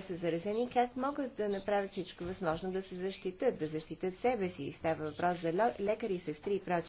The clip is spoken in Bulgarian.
са заразени, как могат да направят всичко възможно да се защитат, да защитат себе си. Става въпрос за лекари, сестри и прочие.